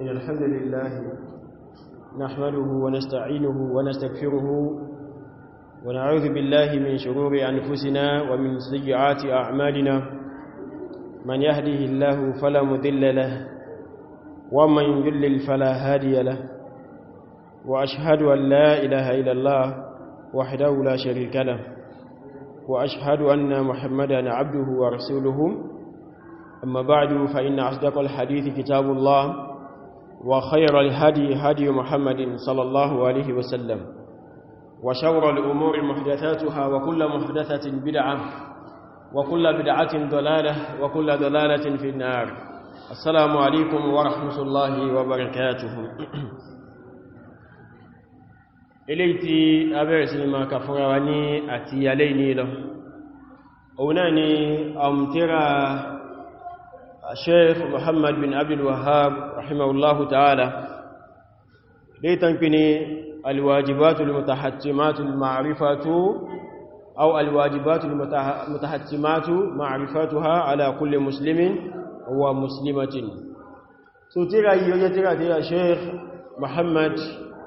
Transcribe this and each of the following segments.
إن الحمد لله نحمده ونستعينه ونستغفره ونعوذ بالله من شرور أنفسنا ومن سيئات أعمالنا من يهده الله فلا مذل له ومن يذلل فلا هادي له وأشهد أن لا إله إلا الله وحده لا شريك له وأشهد أن محمدا عبده ورسوله أما بعد فإن أصدق الحديث كتاب الله وخير الهدي هدي محمد صلى الله عليه وسلم وشور الأمور محدثاتها وكل محدثة بدعة وكل بدعة دلالة وكل دلالة في النار السلام عليكم ورحمة الله وبركاته إليتي أبي لما كفراني أتي عليني له أولاني أمترى الشيخ محمد بن عبد الوهاب رحمه الله تعالى ليتنكني الواجبات المتحتمات المعرفة أو الواجبات المتحتمات معرفتها على كل مسلم ومسلمة سترى يترى الشيخ محمد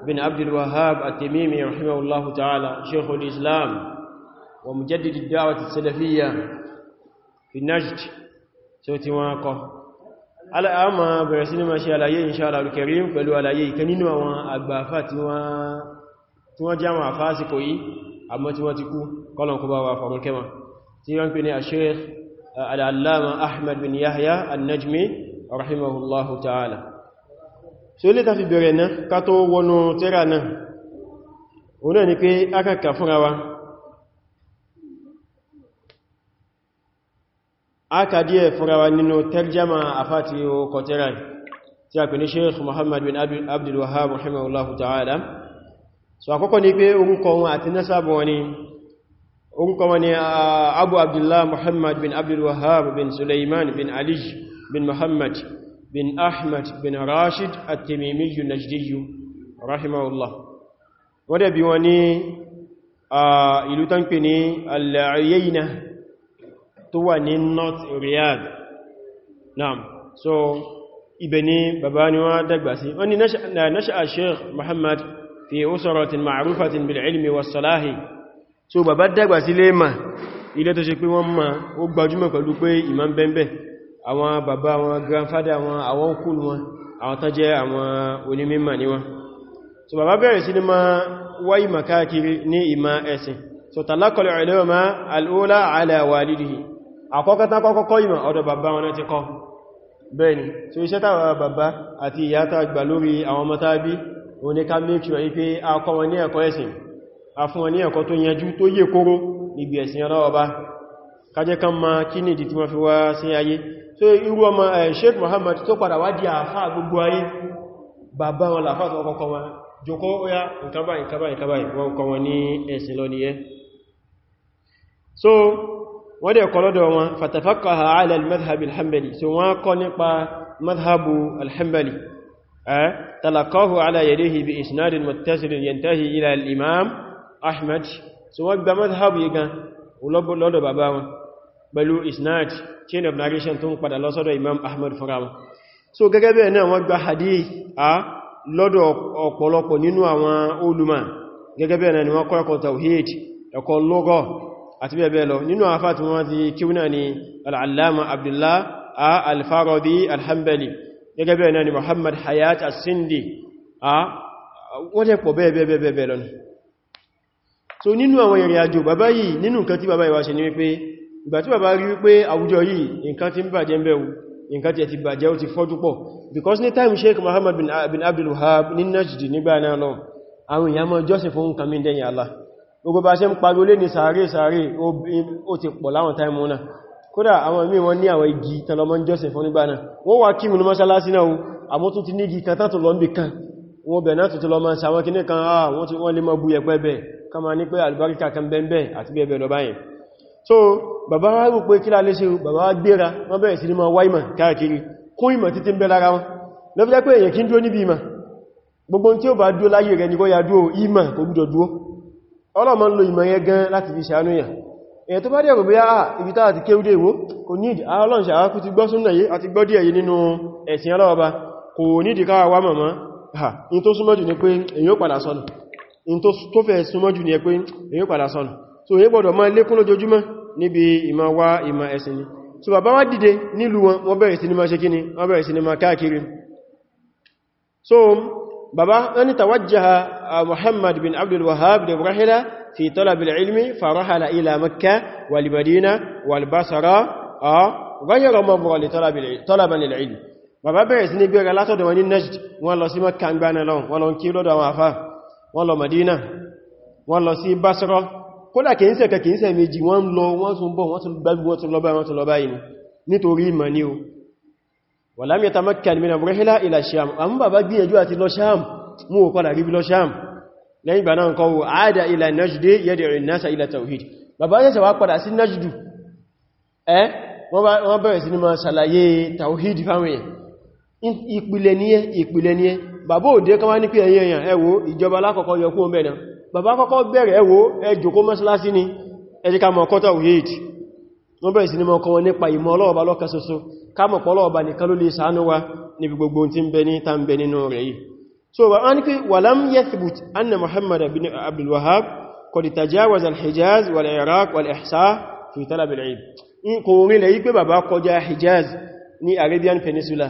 بن عبد الوهاب التميمي رحمه الله تعالى شيخ الإسلام ومجدد الدعوة السلفية في النجد so tí wọ́n kọ́ aláàmà bẹ̀rẹ̀ sí ní ma ṣe àlàyé inshallah al-karim pẹ̀lú àlàyé ìkan nínú àwọn àgbàfà tí wọ́n jẹ́ àwọn àfáàsìkò yìí àmọ́ tí wọ́n ti kú kọ́lọ̀kú bá wà fọ̀rún kẹma tí wọ́n pè ní al-Shaykh uh, al-Allama Ahmad bin Yahya ta'ala so ilé ta fi bẹ̀rẹ̀ náà ká tó wọnú tírà náà òun náà aka díẹ̀ fúnra wa nínú tarjama àfáàtí kọtíran tí a pè ní sheikh muhammad bin abdul wahhab rahimahullahu ta'ala so àkọ́kọ́ ni pé orúkọ wọn àti nasabu wọn ni orúkọ wọn ni uh, abu abdullah muhammad bin abdul wahhab bin sulaiman bin ali bin muhammad bin ahmad bin rashid at-timimiyu najdiyu rahimahullah wọ́n dẹ̀ bí wọn ni uh, ìlú tán al-Uyayna tó wà ní north Riyadh naam so ibẹ̀ ni bàbá ni wọ́n dàgbà sí wọ́n ni nasha'a Sheikh Muhammad fi usratin ma'rufatin bil ilmi was salahi so bàbá dàgbà sí lema ilé tó ṣe pé wọ́n ma ó gbajúmọ̀ pẹ̀lú pé imam bẹ́ẹ̀bẹ́ àwọn bàbá wọn grandfather wọn àwọn kún wọn àwọn tó jẹ́ àwọn onímímọ̀ ni wọn so bàbá bẹ̀rẹ̀ sí ni ma wáyí makakiri ní ìmá ẹ̀sìn so talakọlẹ̀ ulama al'ula ala walidihi àkọ́kọ́ tán kọ́kọ́ kọ́ ìmọ̀ ọ̀dọ̀ bàbá wọn ti kọ́ bẹ́ẹ̀ni tí ó iṣẹ́ tàwà bàbá àti ìyá tàà gbà lórí àwọn ọmọ tàbí òun ni ká mẹ́kì wọ́n pé a kọ́ wọn ní ẹ̀kọ́ ẹ̀sìn a fún wọn ní ẹ̀kọ́ tó yanjú tó yẹ kóró níbi ẹ̀sìn ọlọ́ọba kájẹ́ kan ma kí ní ìdí so wọ́n dẹ̀ kọ́ lọ́dọ̀ wọn fatafakaha ala al-madhhab al-hanbali so wọ́n kọ́ nípa madhhabu al-hanbali talakahu ala yadihi bi isnadin muttasilin yantahi ila al-imam ahmad so wọ́n gba madhhabu yìí lọ́dọ̀ bàbá wọn pẹ̀lú isnad chain of narration tó ń padà lọ́sọ́dọ̀ imam ahmad fúnra wọn àti bẹ́ẹ̀bẹ́ẹ̀ lọ nínú àfá tí wọ́n ti kíw náà ni al'allama abdullah a alfarobi alhambali gẹ́gẹ́ bẹ́ẹ̀ náà ni muhammad hayat asindi a wọ́n pọ̀ bẹ́ẹ̀bẹ́ẹ̀bẹ́ẹ̀ lọ so nínú àwọn ìrìn àjò bàbá yìí nínú nǹkan tí bàbá ìwà ṣe ni wípé ìgbà tí bàbá rí wípé àwùjọ yìí nǹkan tí ń bàjẹ́ ń bẹ̀wò nǹkan tí ẹ ti bàjẹ́ ó ti fọ́jú pọ̀ because ní time sheikh muhammad bin abdul wahab ní najdi nígbà náà náà àwọn èèyàn mọ́ jọ́sìn fún nǹkan dẹ́yìn allah gbogbo bá ṣe ń pariwo lé ní sàárè sàárè ó ti pọ̀ láwọn táìmù náà kódà àwọn míì wọ́n ní àwọn igi tàlọmọ́ jọ́sìn fún nígbà náà wọ́n wá kí mínú mọ́ṣálásí náà àmọ́ tó ti ní igi kan tàtò lọ́nbì kan wọ́n bẹ̀ náà tó lọ máa sàwọn kìnnì kan àwọn ah, tí wọ́n lè mọ́ bú yẹpẹ́ bẹ̀ ká máa ní pé la lè ṣe ya dúó ìmọ̀ kò ọlọ́mọ ń lo ìmọ̀ yẹn gan láti fi ṣàánú yà èyàn tó bá dẹ̀ rògbé àà ah, ibi táà ti kéwúdé ìwó kò nídì Ọlọ́run ṣàwákú ti gbọ́ súnnà yìí àti gbọ́ díẹ̀ yìí nínú ẹ̀sìn ọlọ́ọba kò nídì káwà wá mọ̀mọ́ ha in tó súnmọ́jù ni pé èyàn padà sọnù in tó fẹ́ súnmọ́jù ni so èyàn gbọ́dọ̀ máa lékún lójoojúmọ́ níbi ìmọ̀ wá ìmọ̀ so bàbá wá ni máa ṣe kíni wọ́n bẹ̀rẹ̀ sí ni máa so bàbá ẹni tàwàjáha Muhammad bin Abdul Wahhab da rahila fi talabil ilmi farahila ila Makkah wal Madina wal Basra a ghayra mabra li talaban lil ilmi bàbá bẹ̀rẹ̀ sí ní gbẹ̀rẹ̀ látọ̀dọ̀ wọn ní Najd wọ́n lọ sí Makkah gbáná lọ wọ́n lọ kí lọ́dọ̀ àwọn afá wọ́n lọ Madina wọ́n lọ ولم يتمكن من الرحلة إلى الشام أما بقي جوة لو شام مو قال قبل لو شام لأن بنان إلى نجد يدعو الناس إلى توحيد bàbá yẹ́ sẹ̀wà padà sí nájìdù ẹ́ wọ́n bẹ̀rẹ̀ sí ni ma ṣàlàyé tàwíìdì fáwọn èèyàn ìpìlẹ̀ ní ẹ́ ìpìlẹ̀ ní ẹ́ bàbá òdé kan wá ní pé ẹ̀yẹ èèyàn ẹ wò ìjọba alákọ̀ọ́kọ́ wọ́n bẹ̀rẹ̀ sí ní mọ́kọ́ wọn nípa ìmọ̀ ọlọ́ọ̀bá lọ́kà soso kámọ̀pọ̀ ọlọ́ọ̀bá nìkan ló lè ṣàánú wa níbi gbogbo tí ń bẹ ní tàn bẹ nínú rẹ̀ yìí so wa an kí walam yathbut anna muhammad bin abdul wahab qad tajawaza al-hijaz wal iraq wal ihsa fi talab al-ilm in kò rí lè yí pé bàbá kọjá hijaz ní arabian peninsula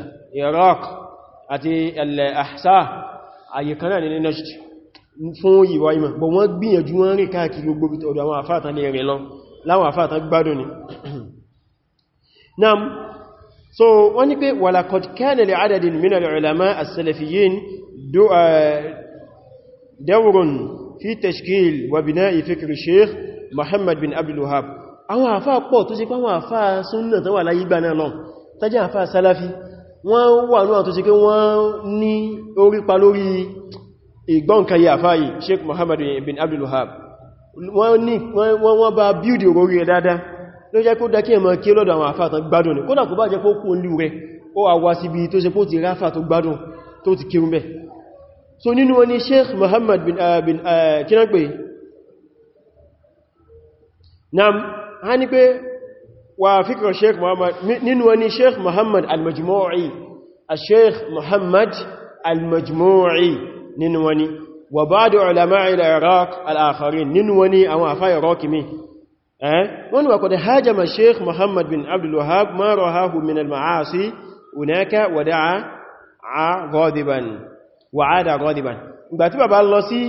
láwọn àfáàtà gbádùn ni nam so wọ́n ní pé walaqad kana li adadin min al-ulama as-salafiyyin eh, dawrun fi tashkil wa bina'i fikri sheikh Muhammad bin Abdul Wahhab àwọn àfáà pọ̀ tó ṣe pé àwọn àfáà súnnà tó wà láyé gbà náà lọ tàbí àfáà salafi wọ́n wà náà tó ṣe pé wọ́n ní orípa lórí ìgbọ́nkayẹ àfáà sheikh Muhammad bin Abdul wọ́n bá bíúdì orí rẹ̀ dáadáa ló jẹ́ kó dákí ẹ̀mọ̀ kí lọ́dọ̀ àwọn àfà tán gbádùn ní kódà kó bá jẹ́ kó kó ní rẹ̀ ó àwá síbi tó ṣe kó ti ráfà tó gbádùn tó ti kírun bẹ̀ so nínú wọn ni Sheikh Muhammad bin ah, bin kinagbe nam ha ni pé wà fíkọ̀ Sheikh Muhammad nínú wọn Muhammad al-Majmu'i a Sheikh Muhammad al-Majmu'i nínú wọn wa ba'du ulama'i al-iraq al-akharin nínú wani àwọn afa iraq mi eh wọ́n wa qad hajama sheikh muhammad bin abdul wahhab ma rahahu min al-ma'asi hunaka wa da'a ghadiban wa 'ada ghadiban ìgbà tí bàbá lọ sí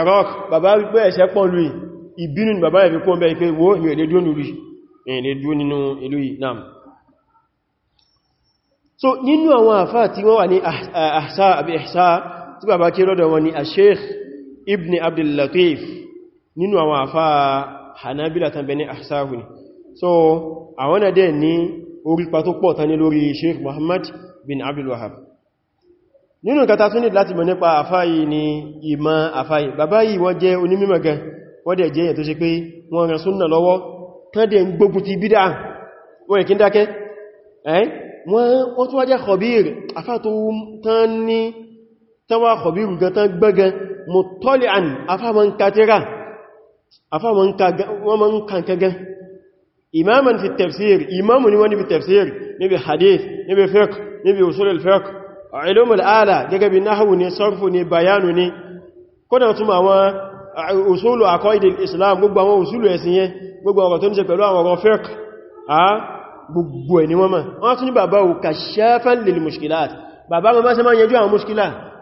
iraq bàbá wípé ẹ̀ṣẹ̀ pọ̀ lù ìbínú ni bàbá ẹ̀fẹ́ so nínú àwọn àfáà tí wọ́n wà ní tí bàbá kí lọ́dọ̀ wọn ni asheikh ibn abdul latif nínú àwọn àfá hanabila tàbí ní ahsahu ni so àwọn ẹ̀dẹ̀ ní orípa tó pọ̀ tání lórí sheikh muhammad bin abdul wahab nínú kata tún ní láti mọ̀ nípa àfáyí ni ìmọ̀ àfáyí bàbá yìí wọ́n jẹ́ onímọ̀ gan wọ́n dẹ̀ jẹ́ èyàn tó ṣe pé wọ́n rẹ̀ súnnà lọ́wọ́ kán dẹ̀ ń gbógun ti bídá wọ́n ìkíndákẹ́ wọ́n tún wá jẹ́ khabir àfá tó tán ní tánwà kọ̀bírù gan tán gbẹ́gan mọ̀ tọ́lẹ̀ àní afámọ́nkàtíra afámọ́nkàgán imaman fi tafsir imamu ni wani fi tafsir níbi hadith níbi fiqh níbi usul al-fiqh ilm al-ala gẹ́gẹ́ bí nahwu ni sarfu ni bayanu ni kódà tún àwọn usulu aqaid al-islam gbogbo àwọn usulu ẹ̀sìn yẹn gbogbo ọ̀rọ̀ tó ní ṣe pẹ̀lú àwọn fiqh a gbogbo ẹni wọ́n ma wọ́n tún ní bàbá ò lil mushkilat bàbá wọn bá ṣe máa yẹjú àwọn mushkilat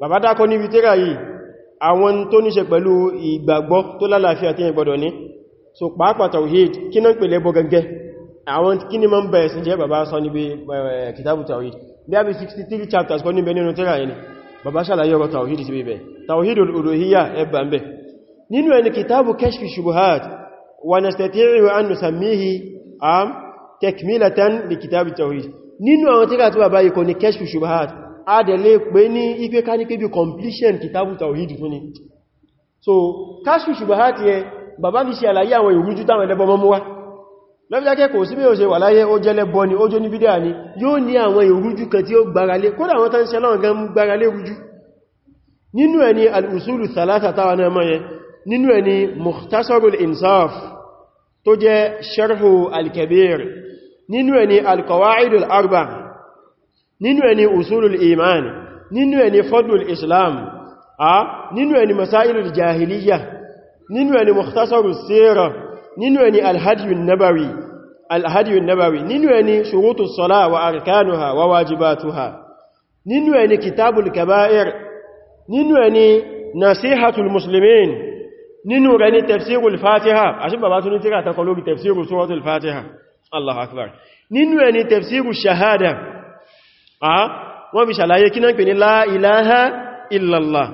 bàbá dákọ́ níbi tírà yìí àwọn tó níṣe pẹ̀lú ìgbàgbọ́ tó lálàáfíà tí ìgbọ́dọ̀ ní so pàápàá tawhid kí náà pèlẹ̀ bọ́ gẹ́gẹ́ àwọn kí ní ma ń eh, tawhid bí a bí 63 chapters kọ́ níbẹ̀ nínú tírà yìí bàbá ṣàlàyé ọ̀rọ̀ tawhid sí bíbẹ̀ tawhid uluhiyya ẹbà ń bẹ̀ nínú ẹni kìtàbù kashfi shubuhat wa nastati'u an nusammihi am tawhid nínú àwọn tírà tí bàbá yìí kọ ni kashfi shubahat a dẹ̀ lè pè ní ipé ká ní pé bí completion kìtàbù tàwíìdì fún ni so káṣù ṣùgbàhátì ẹ bàbá fi ṣe àlàyé àwọn ìrújú táwọn ẹlẹ́bọ mọ́mú wá lọ́fíjákẹ́ kò sí bí ó ṣe wà láyé ó jẹ́lẹ́bọ ni ó jó ní bídíà ni yóò ní àwọn ìrújú kan tí ó gbáralé kódà àwọn tán ṣe lọ́nà gan gbáralé rújú nínú jẹ́ sharhu arba' nínú ẹni usulul iman nínú ẹni fadlul islam a nínú ẹni masailul jahiliya nínú ẹni mukhtasaru sira nínú ẹni alhadiyun nabawi alhadiyun nabawi nínú ẹni shurutu sala wa arkanuha wa wajibatuha nínú ẹni kitabul kaba'ir nínú ẹni nasihatul muslimin nínú ẹni tafsirul fatiha a ṣe bàbá tún ní tíra takwalobi tafsirul suratul fatiha Allah akbar nínú ẹni tafsirul shahada wọ́n fi ṣàlàyé kí náà pè ní la ilaha illallah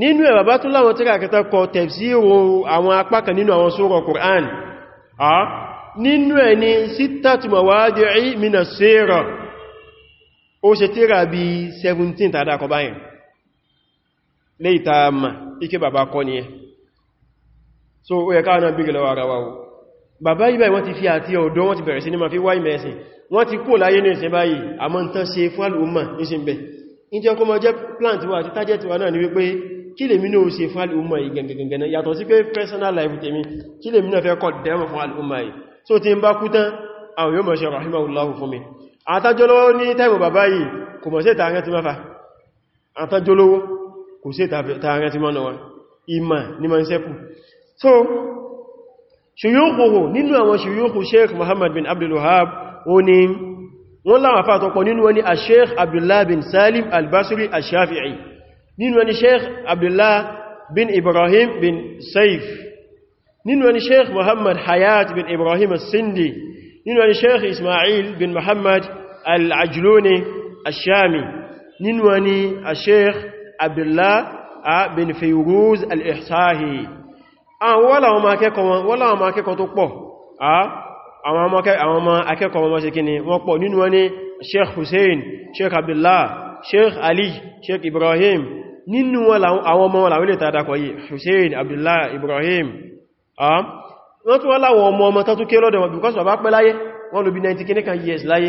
nínú ẹ̀ bàbá tún láwọn tíra kẹta kọ tafsiru àwọn apákan nínú àwọn sura Qur'an nínú ẹ̀ ni sittatu mawadi'i mina sira o ṣe tíra bí 17 tàdá kọ báyìí léìta ma ike bàbá kọ ni ẹ so ó yẹ káà náà bí bàbá yìí báyìí wọ́n ti fi àti ọ̀dọ́ wọ́n ti bẹ̀rẹ̀ sí ní ma fi wáyìí mẹ́ẹ̀sìn wọ́n ti kó láyé ní ìsìn báyìí àmọ́ tán ṣe fún alùmọ̀ ìsìn bẹ̀. in tí ọkọ́ mọ́ jẹ́ plant wa àti target wa náà ni wípé kí lè mínú ṣe fún alùmọ̀ ìgẹ̀gẹ̀gẹ̀gẹ̀ personal life tèmi kí lè mínú fẹ́ kọ́ dẹ́mọ̀ fún alùmọ̀ yìí so ti ń bá kú tán àwọn yóò mọ̀ ṣe rahimahullahu fún mi àtajọ́lọ́ ní táìmù bàbá yìí kò mọ̀ sí tààrẹ ti mẹ́fà àtajọ́lọ́wọ́ kò sí tààrẹ ti mọ́nà wọn ìmọ̀ ni ma ń ṣuyúkùhù nínú àwọn ṣuyúkù sheikh muhammad bin abdullahab o ni wọ́n láwọn afá àtọ́pọ̀ nínú wani a sheikh abdullah bin salim albasiri a shafi'i nínú wani sheikh abdullah bin ibrahim bin saif nínú wani sheikh muhammad hayat bin ibrahim al-sindi nínú wani sheikh ismail bin muhammad al-ajluni al-shami nínú wani a sheikh abdullah bin fayruz al-ihsahi àwọn wọ́la àwọn ọmọ akẹ́kọ̀ọ́ tó pọ̀ ah, àwọn ọmọ akẹ́kọ̀ọ́ wọn ṣe kíni wọ́n pọ̀ nínú wọn ni sheikh hussein sheikh abdullah sheikh ali sheikh ibrahim nínú àwọn ọmọ wọn làwílẹ̀ tàdàkọ̀ yìí hussein abdullah ibrahim ah, wọ́n tún wọ́n láwọn ọmọ ọmọ tó kéré lọ́dọ̀ because bàbá pẹ́ láyé wọ́n lò bí 90 kìníkan years láyé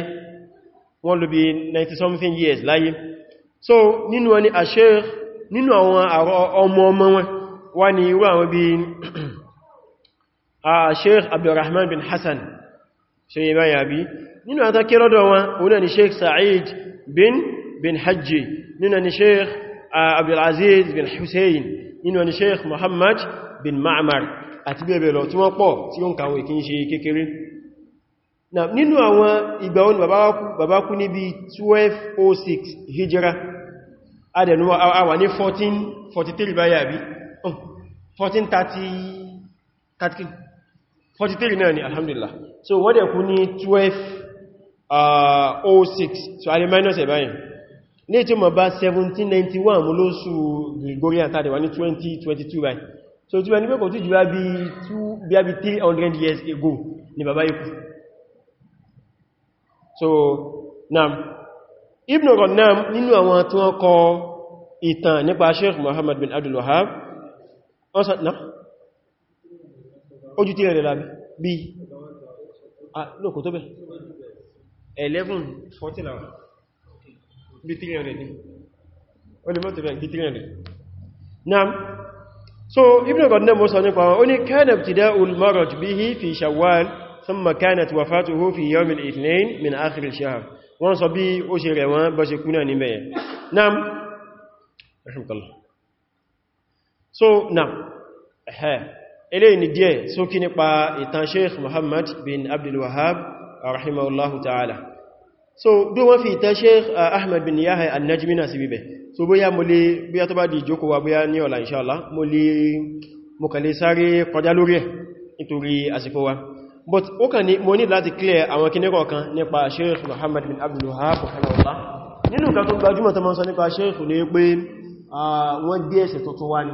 wọ́n lò bí 90 something years láyé so nínú wọn ni a sheikh wọn wá ní irú àwọn bí a sheikh abdurrahman bin hassan ṣe yẹ báyà bí nínú àtà kí rọ́dọ̀ wọn òun ni sheikh sa'id bin bin hajji nínú ni sheikh abdulaziz bin hussein nínú ni sheikh muhammad bin ma'amar àti bẹ́ẹ̀bẹ́ẹ̀ lọ tí wọ́n pọ̀ tí ó ń kàwé ṣe kékeré nínú àwọn ìgbà wọn bàbá kú oh ní bí 1206 hijira adẹ̀nuwa àwà ní 1443 báyà bí 1433 náà ni alhamdulillah so wọ́n dẹ̀ kú ní 1206 uh, so alẹ́ minus ẹ̀báyìn ní ìtumọ̀ bá 1791 mú lóṣù Gregorian tàdẹ̀wà ní 2022 báyìí so tí wọ́n ní pẹ́kọ̀ tí jù bí a bí 300 years ago ni bàbá yìí so naam Ibn Ghunnam nínú àwọn tí wọ́n kọ ìtàn nípa Sheikh Muhammad bin Abdul Wahhab ọ̀sán náà ojú tí rẹ̀ lábí bí lókò tó bẹ̀ 11 14 hours bí 300 ní olùmọ́tò so ibn ọ̀gọ̀dẹ́ mọ́ sọ nípa wọn ó ní kánà ibtida'ul marad bihi fi shawwal thumma kanat wafatuhu fi yawm al-ithnain min akhir ṣe shahr wọ́n sọ bí ó ṣe rẹ̀ wọ́n bọ́ ṣe kú náà níbẹ̀ náà rahimakallah so na ẹ̀hẹ́ eléyìí ni díẹ̀ sókí nípa ìtàn sheikh muhammad bin abdul wahhab rahimahullahu ta'ala so bí wọ́n fi ìtàn sheikh ah, ahmed bin yahya an-najmi náà sí bíbẹ̀ so bóyá mo lè bóyá tó bá di ìjókòó wa bóyá ní ọ̀la inṣáàlá mo lè mo kàn lè sáré kọjá lórí ẹ̀ nítorí àsìkò wa but ó kàn ní mo ní láti clear àwọn kìnnìkọ̀ kan nípa sheikh muhammad bin abdul wahhab rahimahullah nínú nǹkan tó gbajúmọ̀ tó mọ́ sọ nípa sheikh ní pé ah, wọ́n gbé ẹ̀sẹ̀ tuntun wá ni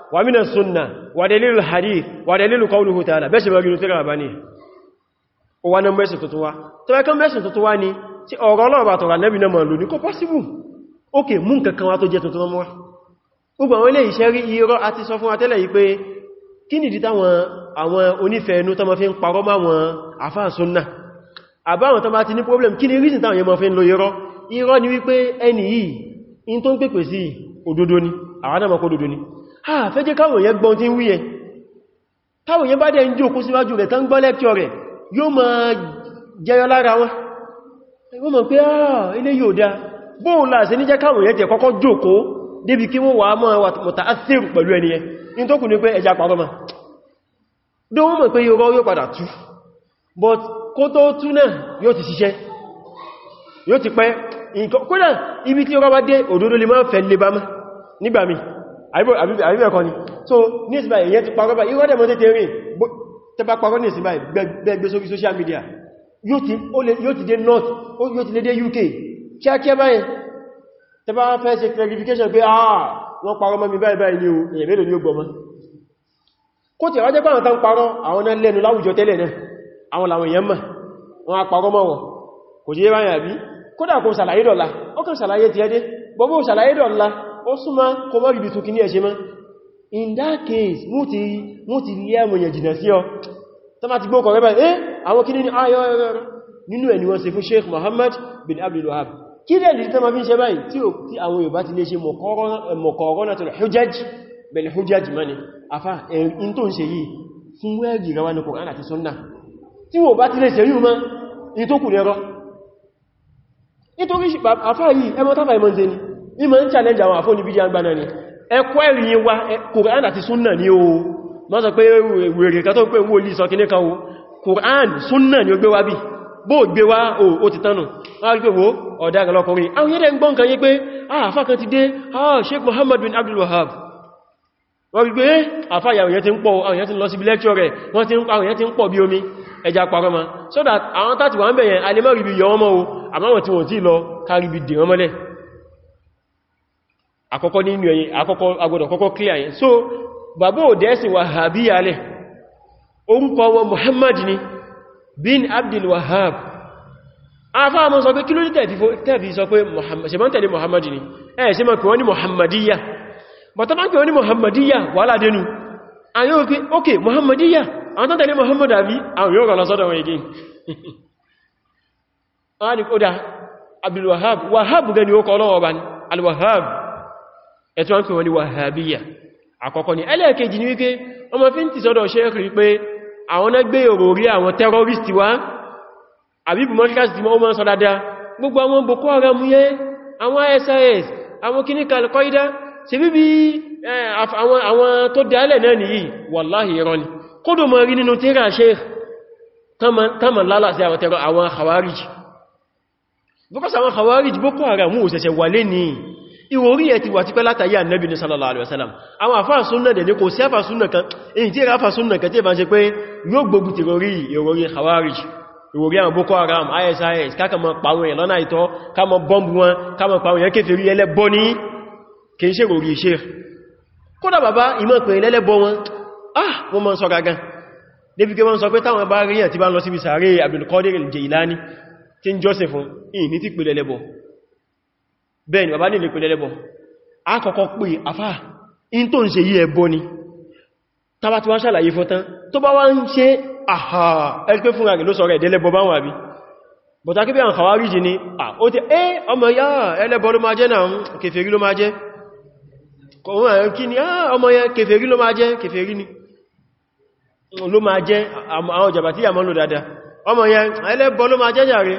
ومن السنة ودليل الحديث ودليل قوله تعالى بس بغير ترى بني وانا mẹ́sìn tuntun wá tó bá kàn mẹ́sìn tuntun wá ni tí ọ̀rọ̀ Ọlọ́run bá tọ̀rọ̀ Ànábì náà máa lò ní kò possible okay mú nǹkan kan wá tó jẹ́ tuntun mọ́ wá gbogbo àwọn ilé iṣẹ́ rí irọ́ àti sọ fún wa tẹ́lẹ̀ yìí pé kí nìdí táwọn àwọn onífẹ́ ẹnu tó máa fi ń parọ́ mọ́ àwọn àfáà sunna àbáwọn tó bá ti ní problem kini ni reason táwọn yẹn máa fi ń lo irọ́ irọ́ ni wípé eni yìí in tó ń pèpè sí òdodo ni àwọn àdámọ́kó òdodo ni ha fẹ́ jẹ́ káwọn yẹn gbọ́n tí ń wí ẹ táwọn yẹn bá dẹ̀ ń jókòó síwájú rẹ̀ tán gbọ́ lẹ́kíọ̀ rẹ̀ yóò ma jẹyọ lára wọn wọ́n mọ̀ pé àà ah, ilé yóò dá bóò láàṣẹ ní jẹ́ káwọn yẹn tẹ̀ kọ́kọ́ jókòó débi kí wọ́n wà á mọ́ mọ̀ta áṣírù pẹ̀lú ẹni yẹn tó kù ní pé ẹja pàtọ́ ma dó wọ́n mọ̀ pé yóò yóò padà tú but kó tó tú náà yóò ti ṣiṣẹ́ yóò ti pẹ́ kódà ibi tí yóò bá dé òdodo lè máa fẹ́ lè bá mọ́ nígbàmí àbíbẹ̀ẹ̀kọ́ ni so ní ìsìnbà èyẹ ti parọ́ bá ìrọ́dẹ̀ mọ́ tètè rìn tẹba parọ́ ní ìsìnbà gbẹgbẹ́ sórí social media yóò ti dé north yóò ti lé dé UK kíákíá báyìí tẹba fẹ́ ṣe clarification pé ah wọ́n parọ́ mọ́ mi báyìí báyìí ni èyẹ mélòó ni ó gbọmọ́ kó tí ọjọ́ pàwọn tán parọ́ àwọn náà lẹ́nu láwùjọ tẹ́lẹ̀ náà àwọn làwọn èèyàn mọ̀ wọn a parọ́ mọ́ wọn kò jẹ́ báyìí àbí kódà kò sàlàyé dọ̀la ó kàn sàlàyé ti ẹdé gbogbo ó súnmọ́ kò mọ́ ìbí tún ní ẹ̀ṣẹ́ mọ́ in that case mú ti lé ẹmù yẹn jìnà sí ọ tó má ti gbọ́ kọ̀ eh àwọn kí ní ayọ́ nínú ẹni wọ́n ṣe fún Sheikh Muhammad bin Abdul Wahab kí lẹ́ lè tẹ́mà fi ń ṣe báyìí tí àwọn Yorùbá ti lè ṣe muqaranatul hujaj mani afá in tó ń ṣe yìí fún wẹ́ẹ̀gì rawa ní Qur'an àti Sunnah tí wọ́n bá ti lè ṣe yìí mọ́ in tó ní ma ń challenge àwọn àfọ́ níbi jàǹgbà náà ni ẹkọ́ ẹ̀rìn wa Kùránì àti súnnà ni o ma sọ pé wèrè kan tó pé wó lè sọ kí ní kan o Kùránì súnnà ni ó gbé wá bí bó gbé wá o ti tánù wọ́n rí pé wo ọ̀daràn lọ́kùnrin àwọn yẹ́dẹ̀ ń gbọ́n ah, kan yé pé àfá ah Sheikh Muhammad bin Abdul Wahab wọ́n rí pé eh, àfá àwọn yẹ́ ti ń pọ̀ àwọn yẹ́ ti lọ síbi lẹ́kṣọ́ rẹ̀ wọ́n ti ń pọ̀ àwọn yẹ́ ti ń pọ̀ bí omi ẹja parọ́ ma so that àwọn tàti wà ń bẹ̀yẹn alẹ́mọ́ rí bí yọ ọmọ o àmáwọn tí wọ́n ti lọ kárí bí dè ọmọlẹ́ akụkọ nínú ẹ̀yìn àkọ́kọ́ agbọ́dọ̀ kọ́kọ́ clear yẹn so bàbá ò dẹ́sìn wàhábí alẹ́ orúkọ wọn Muhammad ni bin Abdul Wahhab afá sọ pé kí ló ní tẹ́fì Muhammadiyya Muhammadiyya Muhammadiyya Wahhab Wahhab Al-Wahhab ẹ̀tí wọ́n pè wọ́n ní wàhábíyà àkọ́kọ́ ni ẹlẹ́ẹ̀kejì ní wípé ọmọ fi ń ti sọ́dọ̀ ṣe rí pé àwọn ẹgbẹ́ èrò orí àwọn terrorist wá àbíbù mọ́ṣíkàsì tí wọ́n sọ dáadáa àwọn Boko Haram yẹ àwọn SIS ni kódò mọ̀ rí nínú tíra ṣe tánmà lálàsí àwọn tẹ́rọ àwọn Khawarij because àwọn Khawarij Boko Haram ò ṣẹ̀ṣẹ̀ wà lé nìyí ìwòrí ẹ̀ ti wà ti pẹ́ látàyé ànẹ́bì ní sallallahu alaihi wasallam àwọn àfáà súnnà dẹ̀ ní kò sí àfáà súnnà kan èyí tí ráfà súnnà kan tí ìbá ṣe pé yóò gbógun ti rọrí ìrọrí Khawarij ìwòrí àwọn Boko Haram ISIS káka mọ pàwọn ẹ̀ lọ́nà ìtọ́ ká mọ bọ́m̀bù wọn ah wọ́n mọ́ sọ gagan débi pé wọ́n sọ pé táwọn bá rí ẹ̀ tí bá lọ síbi sàárè Abdul Qadir al-Jilani tí ń jọ́sẹ̀ fún ìní tí pè bẹ́ẹ̀ ni bàbá ní ìlépẹ̀ lẹ́lẹ́bọ̀ a kọ́kọ́ pé àfá in tó ń ṣe yí ẹbọ ni tàbá tí wọ́n ṣàlàyé fún tán tó bá wá ń ṣe àhà ẹgbẹ́ fún àrẹ ló sọ rẹ̀ délẹ́bọ báwọn àbí bọ̀tá kí bí àwọn àwárí jì ní ó ti ẹ́ ọmọ ya ẹlẹ́bọ ló máa jẹ́ náà ló máa jẹ́ ọmọ ya kèfèrí ló máa jẹ́ kèfèrí ni ló máa jẹ́ àwọn jàbàtí àmọ́ lò dáadáa ọmọ ya ẹlẹ́bọ ló máa jẹ́ jàre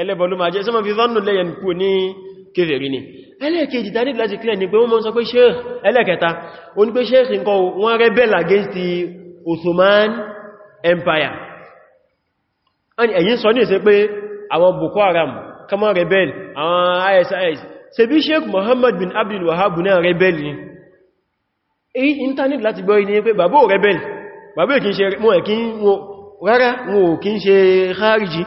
ẹlẹ́bọ ló máa jẹ́ sọ́mọ́ fi zọ́nù lẹ́yẹn kéfèrí ni ẹlẹ́ẹ̀kejì tàbí láti clear ni pé wọ́n mọ́ sọ pé sheikh ẹlẹ́ẹ̀kẹta o pé sheikh nǹkan wọ́n rebel against the Ottoman Empire ẹni ẹ̀yìn sọ ní ìṣe pé àwọn Boko Haram kama rebel àwọn ISIS ṣe bí sheikh Muhammad bin Abdul Wahhab náà rebel ni èyí internet láti gbọ́ ní pé bàbá ò rebel bàbá ò kí ń ṣe rárá wọn ò kí ń ṣe khariji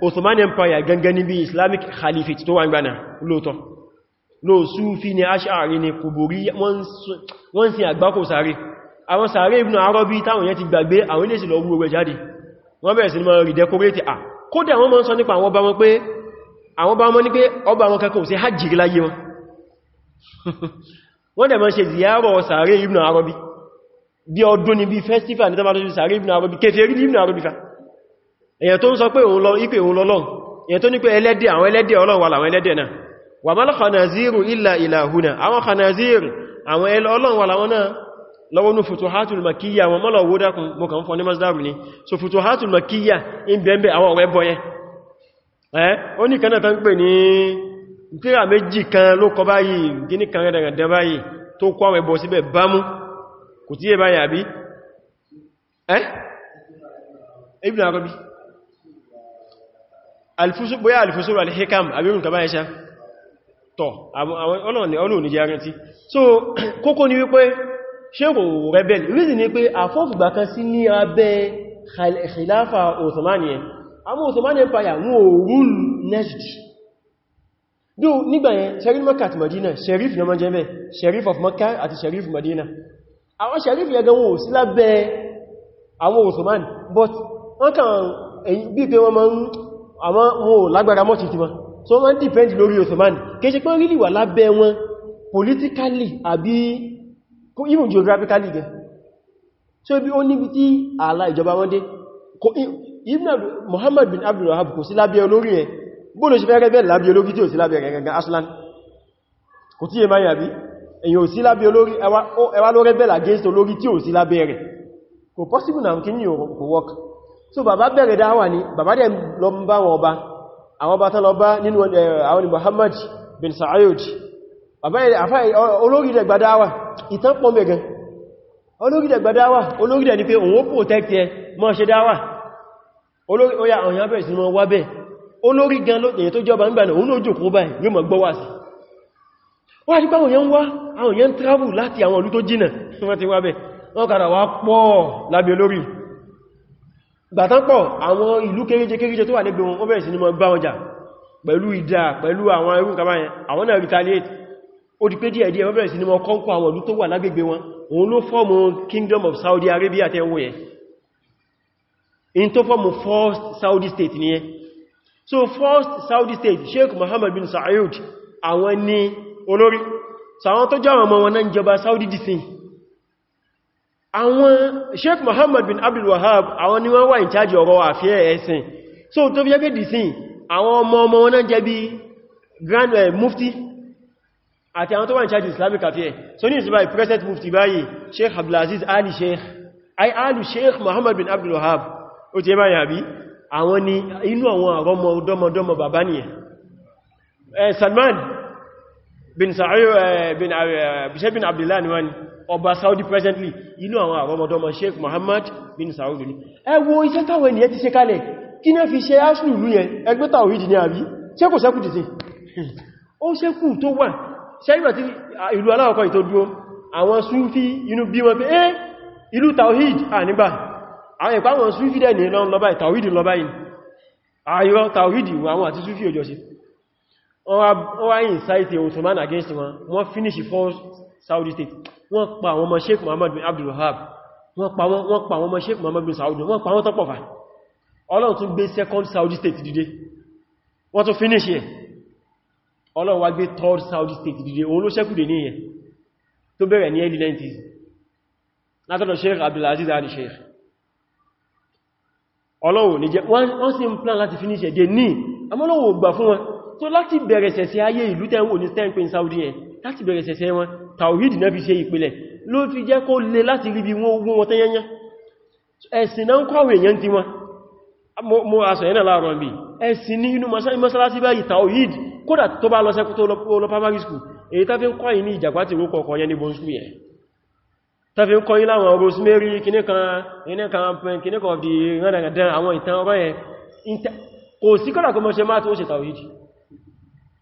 Ottoman Empire gangan níbi Islamic Caliphate tó wà ń gbana lóòtọ́ ló Sufi ni Ash'ari ni kòbòrí wọ́n sin àgbákò sáré àwọn sáré Ibn Arabi táwọn yẹn ti gbàgbé àwọn ilé sí lọ wú owó jáde wọ́n bẹ̀rẹ̀ sí máa redecorate à kódà wọ́n máa ń sọ nípa àwọn ọba wọn pé àwọn ọba wọn ní pé ọba wọn kankan sí hajjiri láyé wọn wọ́n dẹ̀ máa ṣe ziyarọ̀ sáré Ibn Arabi bí ọdún ni bí festival ní tàbátọ́ èyàn tó ń sọ pé òun lọ ipè òun lọ́lọ́n èyàn tó ní pé ẹlẹ́dẹ̀ àwọn ẹlẹ́dẹ̀ Ọlọ́run wà láwọn ẹlẹ́dẹ̀ náà wà má lọ́kànàzírù ìlà ìlàhúnà àwọn kànàzírù àwọn Ọlọ́run wà láwọn náà lọ́wọ́ ni so futuhatul makiyya in bẹ̀m̀bẹ̀ àwọn ọ̀rẹ́ bọ́ yẹn ẹ́ ó ní kanáà tán pè ní tíra méjì kan ló kọ báyìí gíní kan rẹ̀dẹ̀rẹ̀dẹ̀ báyìí tó kọ́ ibn arabi alfusul bóyá alfusul alhikam abirun ka báyẹ̀ ṣe tọ́ ọlọ́ni ọlọ́ni jẹ́ rántí so kókó ni wípé ṣékò rebel reason ni pé àfọ́fùgbà kan sí ní abẹ́ khilafa ottomaniye àwọn ottomaniye paya wọn ò rún najd bí nígbàyẹn sharif Makkah àti Madina sharif na mọ́jẹ́ bẹ́ sharif of Makkah àti sharif Madina àwọn sharif yẹ gan wọn ò sí lábẹ́ àwọn ottoman but wọ́n kàn bí pé wọ́n máa ń àwọn wọn lágbára mọ́ títí wọn so wọ́n dìpẹ́ndì lórí Osman kéṣe pé rílì wà lábẹ́ wọn politically àbí even geographically gẹ so ibi ó níbi tí ààlà ìjọba wọn dé Muhammad bin Abdul Wahab kò sí lábẹ́ olórí ẹ bóòlù ṣe fẹ́rẹ́ bẹ́ẹ̀ lábẹ́ olórí tí ò sí lábẹ́ rẹ̀ gangan aslan kò tí èmá yàbí èyàn ò sí lábẹ́ olórí ẹwà lórẹ́bẹ̀lá against olórí tí ò sí lábẹ́ rẹ̀ kò possible na kí ní òkò work so bàbá bẹ̀rẹ̀ dáwà ní bàbá dẹ̀ lọ bá wọn ọba àwọn ọba tán lọ bá nínú eh, àwọn ni Muhammad bin Sa'ud bàbá olórí dẹ̀ gbadáwà ìtàn pọ̀ mẹ́gẹ olórí dẹ̀ gbadáwà olórí dẹ̀ ní pé òun ó protect ẹ mọ́ ṣe dáwà olórí ó yá ọ̀yàn abẹ́ sí mọ́ wá bẹ́ olórí gan ló tẹ̀yẹ tó jọba ń gbàna òun ó jòkó báyìí yóò mọ̀ gbọ́wà sí àwọn yẹn travel láti gbàtánpọ̀ àwọn ìlú kéríje kéríje tó wà níbi wọn bẹ̀rẹ̀ sí ní mọ́ bá wọn jà pẹ̀lú ìdá pẹ̀lú àwọn irú nǹkan báyẹn àwọn náà retaliate ó di pé díẹ̀ díẹ̀ bẹ̀rẹ̀ sí ní mọ́ kọ́nkọ́ àwọn ìlú tó wà lágbègbè wọn òun ló fọ́ọ̀mù kingdom of Saudi Arabia tẹ́ wọ́n yẹn in tó fọ́ọ̀mù first Saudi state ni yẹn so first Saudi state Sheikh Mohammed bin Saud àwọn ni olórí sàwọn tó jẹ́ àwọn ọmọ wọn náà ń jọba Saudi disin àwọn sheikh Muhammad bin Abdul Wahab àwọn ni wọ́n wà in charge ọ̀rọ̀ àfíẹ́ ẹ̀sìn so tó fi jẹ́gẹ́ dìsìn àwọn ọmọ ọmọ wọn náà jẹ́ bí grand eh, mufti àti àwọn tó wà in charge Islamic àfíẹ́ so ní ìsìnbáyì president mufti báyìí sheikh Abdulaziz ali sheikh ai alu sheikh Muhammad bin Abdul Wahab ó ti báyìí àbí àwọn ni inú àwọn àrọmọ ọdọmọdọmọ bàbá nìyẹn eh, Salman bin sa'ayo eh, bin eh, bishe bin Abdullah ni wani ọba saudi presently inú àwọn àrọmọdọ́mọ sheikh muhammad bin saudi ni ẹ wo iṣẹ́ táwọn ènìyàn ti ṣe kalẹ̀ kí náà fi ṣe asùn ìlú yẹn ẹgbẹ́ta orí jìnà àbí ṣe kò ṣẹ́kù títí ó ṣẹ́kù tó wà ṣẹ́gbà tí ìlú eh ìlú tawhid à nígbà àwọn ìpá àwọn súnfí dẹ̀ ní lọ́nà lọ́báyìí tawhid lọ́báyìí ayọ́ tawhid àwọn àti súnfí òjọ́sí wọ́n wá incite Ottoman against wọn wọ́n finish for Saudi state wọ́n pa àwọn ọmọ Sheikh Muhammad bin Abdul Wahab wọ́n pa àwọn ọmọ Sheikh Muhammad bin Saudi wọ́n pa àwọn tọ́pọ̀fà Ọlọ́run tún gbé second Saudi state dìde wọ́n tún finish yẹ Ọlọ́run wá gbé third Saudi state dìde òun ló ṣẹ́kù dè ní yẹ tó bẹ̀rẹ̀ ní early 90s látọ̀dọ̀ Sheikh Abdulaziz Ali Sheikh Ọlọ́run ní jẹ́ wọ́n sì ń plan láti finish yẹ dé ní àmọ́lọ́wọ́ gbà fún wọn so láti bẹ̀rẹ̀ sẹ̀sẹ̀ ayé ìlú tẹ́wọ̀ ní stanpin Saudi yẹn láti bẹ̀rẹ̀ sẹ̀sẹ̀ wọn tawhid náà fi ṣe ìpìlẹ̀ ló fi jẹ́ kó lè láti ríbi wọ́n ogun wọn tẹ́yẹnyẹ ẹ̀sìn náà ń kọ̀wé yẹn ti wọn mo aṣọ ẹ̀nà láàrọ̀ tawhid kódà tó bá lọ sẹ́kú tó lọ primary school èyí tá fi ń kọ́ ìní ìjàgbá ti rókọ̀ ọkọ̀ yẹn ní bon school yẹn tá fi ń kọ́ ìláwọn rosemary kìníkan kìníkan kìníkan of kò sí kọ́dà kọmọ́ṣe máa tó ṣe tawhid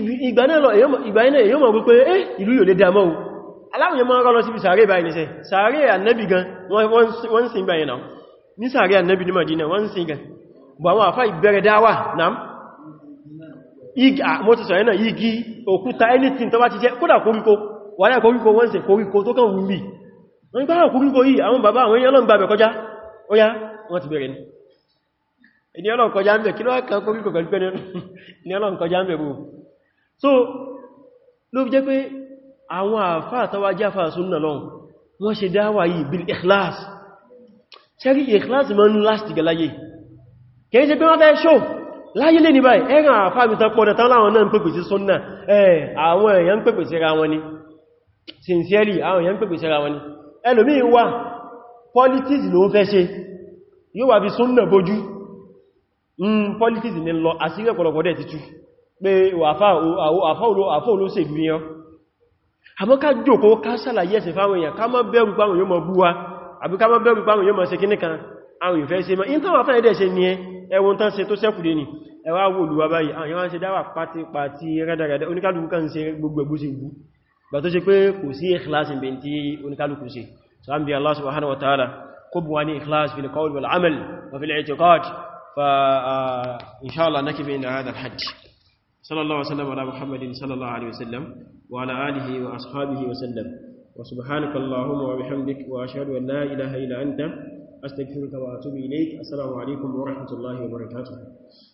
ìgbà náà lọ ìgbà iná èyàn mọ̀ wípé eh ìlú yóò lè dá mọ́ ma yẹn mọ́ rọ́lọ́ síbi sàárè báyìí nìṣẹ́ sàárè ànẹ́bì gan wọ́n sin báyìí náà ní sàárè ànẹ́bì ní Madina wọ́n sin gan bọ̀ àwọn àfá ìbẹ̀rẹ̀ dáwà náà mo igi òkúta anything tó bá ti jẹ́ koriko koríko koriko ní koríko wọ́n sì koríko tó so ló fi jẹ́ pé àwọn àfáà tó wá jáfà súnnà lọ́n wọ́n ṣe dáwà yìí bil ikhlas ṣẹ́rí ikhlas mọ́ ní last galaye kìí ṣe pé wọ́n fẹ́ ṣó láyé lè ní báyìí ẹ̀ràn àfáà mi tọ́pọ̀ dẹ̀tán láwọn náà ń pèpè sí súnnà ẹ̀ àwọn èèyàn ń pèpè síra wọn ni sincerely àwọn èèyàn ń pèpè síra wọn ni ẹlòmíì wà politics ló pé àfá oló ṣe gbìyàn àmọ́ ká jókòó ká sàlàyé ẹ̀sìn fáwọn èèyàn ká má bẹ̀rù páwọn yóò mọ̀ bú wa àbí ká má bẹ̀rù páwọn yóò mọ̀ ṣe kíní kan àwọn ìfẹ́ ṣe mọ́ ìntàwọn àfá ẹ̀dẹ̀ ṣe ní ẹwọ́n tán ṣe tó sẹ́kùdé ni ẹwà wò lùwà báyìí àwọn yóò ṣe dáwà pátipàti rẹ́dàrẹ́dà oníkálùkù kan ṣe gbogbo ẹgbú sí ìgbú gbà tó ṣe pé kò sí ìkìláṣì bẹ̀ tí oníkálùkù ṣe so an bí Allah subhanahu wa ta'ala kó bu ní ìkìláṣì fil qawl wal amal wa fil i'tiqad fa ah, in sha Allah nakifi inda hadha al صلى الله وسلم على محمد صلى الله عليه وسلم وعلى آله وأصحابه وسلم وسبحانك اللهم وبحمدك وأشهد أن لا إله إلا أنت أستغفرك وأتوب إليك السلام عليكم ورحمة الله وبركاته